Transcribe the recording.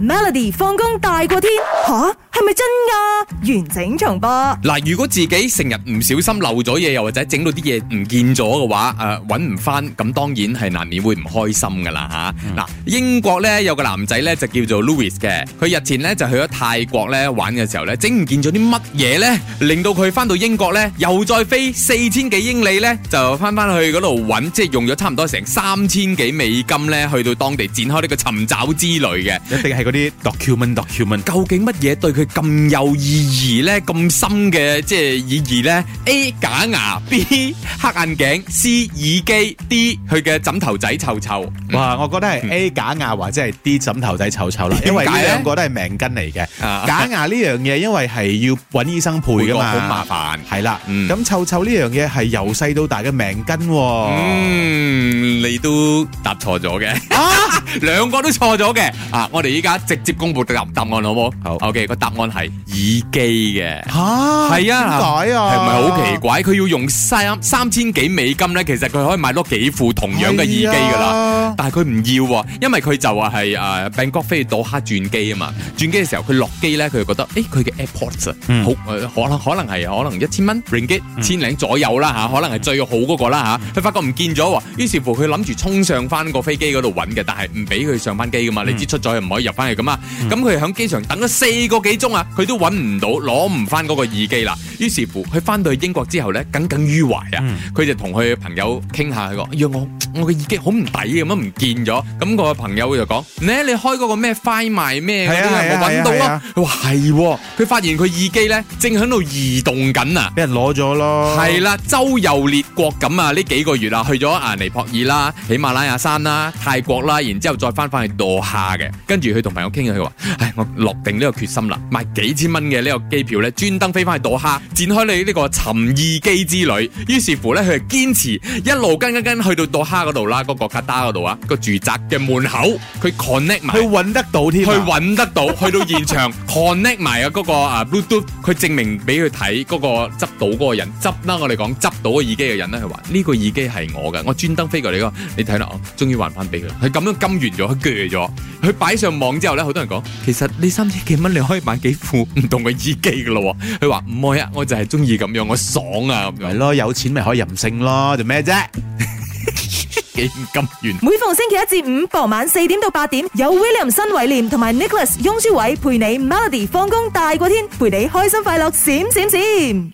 Melody 放工大過天吓，係咪真噶？完整重播嗱，如果自己成日唔小心漏咗嘢，又或者整到啲嘢唔見咗嘅話，誒、呃，搵唔翻，咁當然係難免會唔開心噶啦吓。嗱、嗯，英國咧有個男仔咧就叫做 Louis 嘅，佢日前咧就去咗泰國咧玩嘅時候咧，整唔見咗啲乜嘢咧，令到佢翻到英國咧又再飛四千幾英里咧，就翻翻去嗰度搵，即係用咗差唔多成三千幾美金咧，去到當地展開呢個尋找之旅嘅，一定係。嗰啲 document，document 究竟乜嘢對佢咁有意義咧？咁深嘅即係意義咧？A 假牙、B 黑眼鏡、C 耳機、D 佢嘅枕頭仔臭臭。哇，我覺得係 A 假牙或者係 D 枕頭仔臭臭啦，因為兩個都係命根嚟嘅。假牙呢樣嘢，因為係要揾醫生配㗎嘛，好麻煩。係啦，咁臭臭呢樣嘢係由細到大嘅命根。嗯，你都答錯咗嘅，兩個都錯咗嘅。啊，我哋依家。直接公布答案好好好 okay, 答案好唔好？OK 個答案係耳機嘅吓，係蛤啊，點解啊？係咪好奇怪？佢要用三三千幾美金咧，其實佢可以買多幾副同樣嘅耳機噶啦。啊、但係佢唔要，因為佢就話係誒 Bangkok 飛到黑轉機啊嘛。轉機嘅時候佢落機咧，佢就覺得誒佢嘅 AirPods 好誒可能可能係可能一千蚊 Ringgit 千零左右啦吓，可能係、嗯、最好嗰個啦吓。佢、啊、發覺唔見咗，於是乎佢諗住衝上翻個飛機度揾嘅，但係唔俾佢上翻機噶嘛。你知出咗又唔可以入翻。係咁啊！咁佢喺機場等咗四個幾鐘啊，佢都揾唔到，攞唔翻嗰個耳機啦。於是乎，佢翻到去英國之後咧，耿耿於懷、嗯哎、於啊！佢就同佢朋友傾下，佢話、啊，哎呀我我嘅耳機好唔抵咁樣唔見咗。咁個朋友就講，你開嗰個咩 Find My 咩嗰啲有冇揾到咯？話係，佢發現佢耳機咧，正喺度移動緊啊，俾人攞咗咯。係啦，周遊列國咁啊！呢幾個月啊，去咗啊尼泊爾啦、喜馬拉雅山啦、泰國啦，然之後再翻返去墮下嘅。跟住佢同朋友傾，佢話，唉、哎，我落定呢個決心啦，買幾千蚊嘅呢個機票咧，專登飛返去墮下。展開你呢個尋耳機之旅，於是乎咧，佢係堅持一路跟跟跟去到杜哈嗰度啦，嗰個卡塔嗰度啊個住宅嘅門口，佢 connect 埋，佢揾得到添，佢揾得到，去到現場 connect 埋啊嗰個啊 Bluetooth，佢證明俾佢睇嗰個執到嗰個人，執啦我哋講執到個耳機嘅人咧，佢話呢個耳機係我嘅，我專登飛過嚟，嘅，你睇啦哦，終於還翻俾佢，佢咁樣金完咗，佢攰咗，佢擺上網之後咧，好多人講，其實你三千幾蚊你可以買幾副唔同嘅耳機噶咯，佢話唔會啊我。就係中意咁樣，我爽啊，咪咯，有錢咪可以任性咯，做咩啫？幾咁遠？每逢星期一至五傍晚四點到八點，有 William 新偉廉同埋 Nicholas 翁舒偉陪你 Melody 放工大過天，陪你開心快樂閃閃閃。